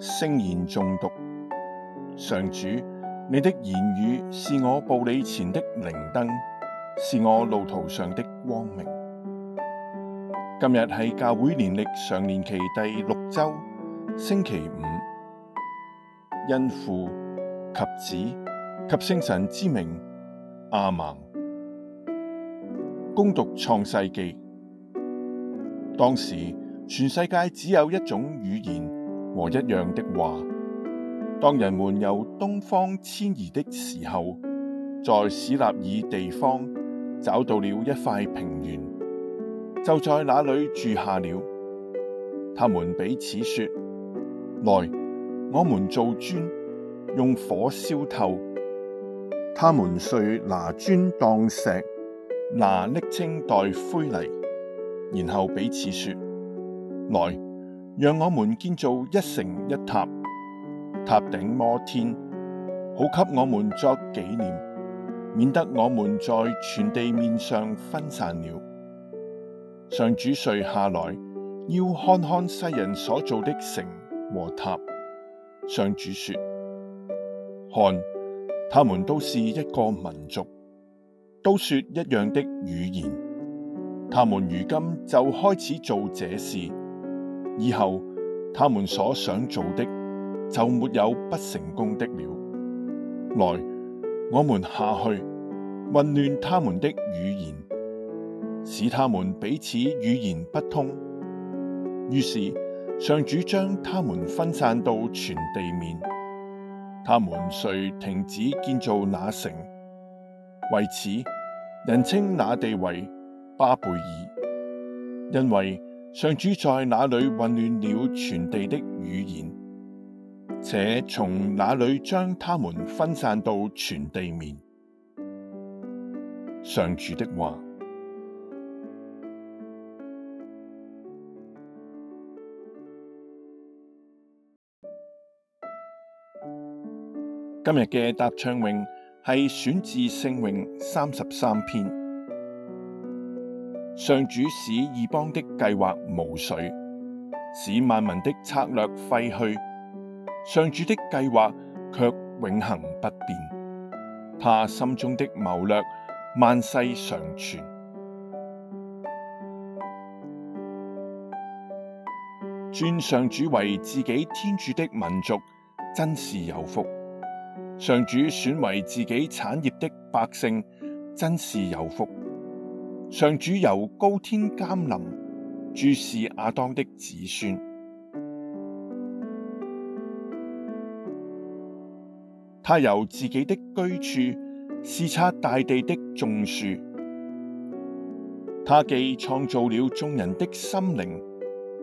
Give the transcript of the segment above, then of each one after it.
聖言誦讀，上主，你的言語是我步履前的靈燈，是我路途上的光明。今日係教會年曆常年期第六周，星期五。因父及子及聖神之名，阿盟。恭讀創世紀。當時全世界只有一種語言和一樣的話。當人們由東方遷移的時候，在史納爾地方找到了一塊平原，就在那裏住下了。他們彼此說：來。我們做磚，用火燒透，他們遂拿磚當石，拿瀝青代灰泥，然後彼此說：來，讓我們建造一城一塔，塔頂摩天，好給我們作紀念，免得我們在全地面上分散了。上主遂下來，要看看世人所造的城和塔。上主說：看，他們都是一個民族，都說一樣的語言。他們如今就開始做這事，以後他們所想做的就沒有不成功的了。來，我們下去，混亂他們的語言，使他們彼此語言不通。於是。上主將他們分散到全地面，他們遂停止建造那城，為此人稱那地為巴貝耳，因為上主在那裏混亂了全地的語言，且從那裏將他們分散到全地面。上主的話。今日嘅答唱詠係選自聖詠三十三篇。上主使異邦的計劃無緒，使萬民的策略廢去。上主的計劃却永恒不變，他心中的謀略萬世常存。尊上主為自己天主的民族，真是有福。上主選為自己產業的百姓，真是有福。上主由高天監臨，注視亞當的子孫。他由自己的居處，視察大地的眾庶。他既創造了眾人的心靈，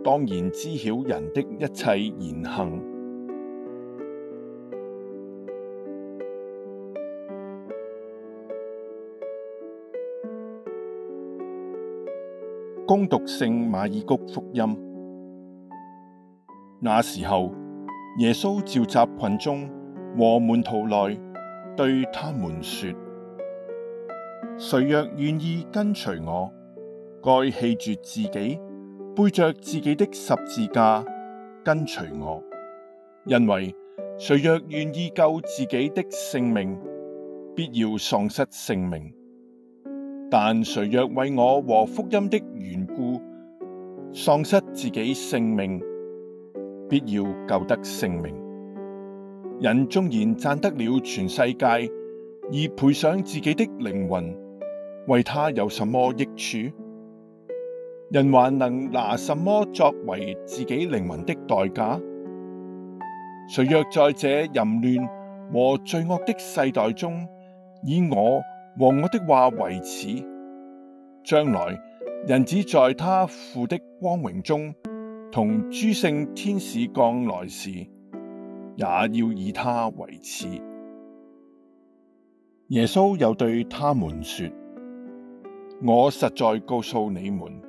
當然知曉人的一切言行。恭讀聖馬爾谷福音。那時候，耶穌召集群眾和門徒來，對他們說：誰若願意跟隨我，該棄絕自己，背着自己的十字架跟隨我，因為誰若願意救自己的性命，必要喪失性命。但誰若為我和福音的緣故，喪失自己性命，必要救得性命。人縱然賺得了全世界，而賠上自己的靈魂，為他有什麼益處？人還能拿什麼作為自己靈魂的代價？誰若在這淫亂和罪惡的世代中，以我和我的話為恥，將來人子在他父的光榮中，同諸聖天使降來時，也要以他為恥。耶穌又對他們說：我實在告訴你們，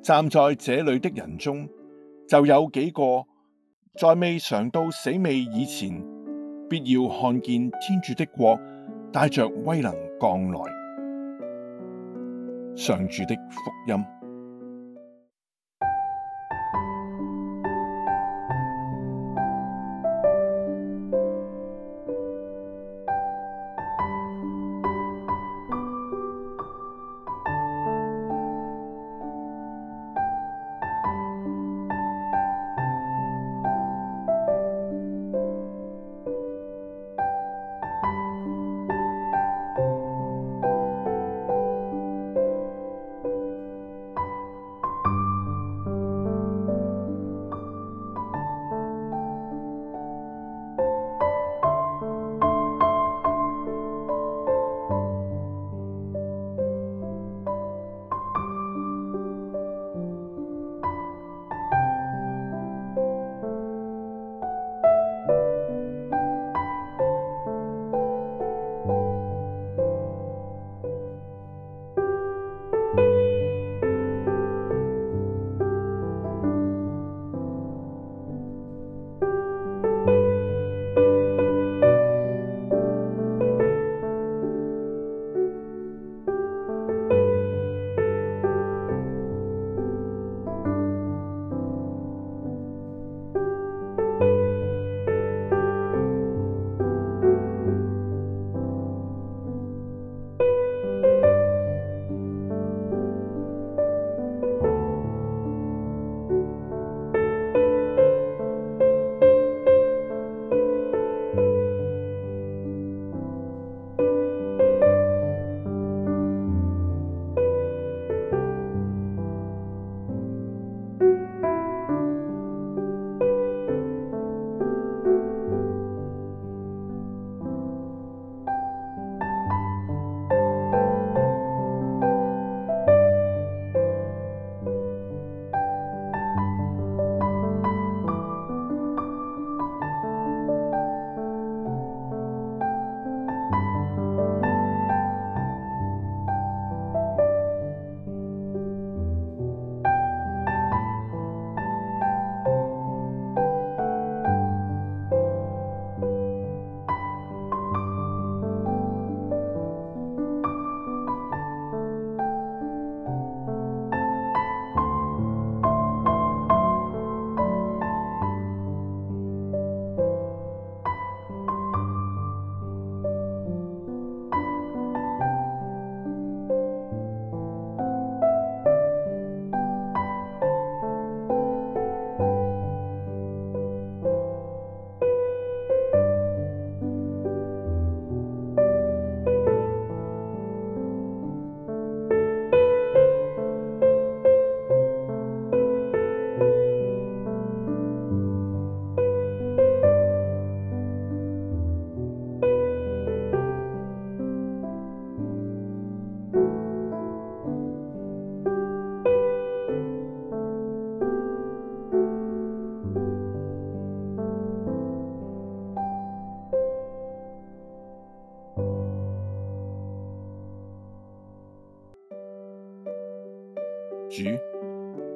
站在這裏的人中，就有幾個在未嘗到死味以前，必要看見天主的國帶着威能。降來。上主的福音。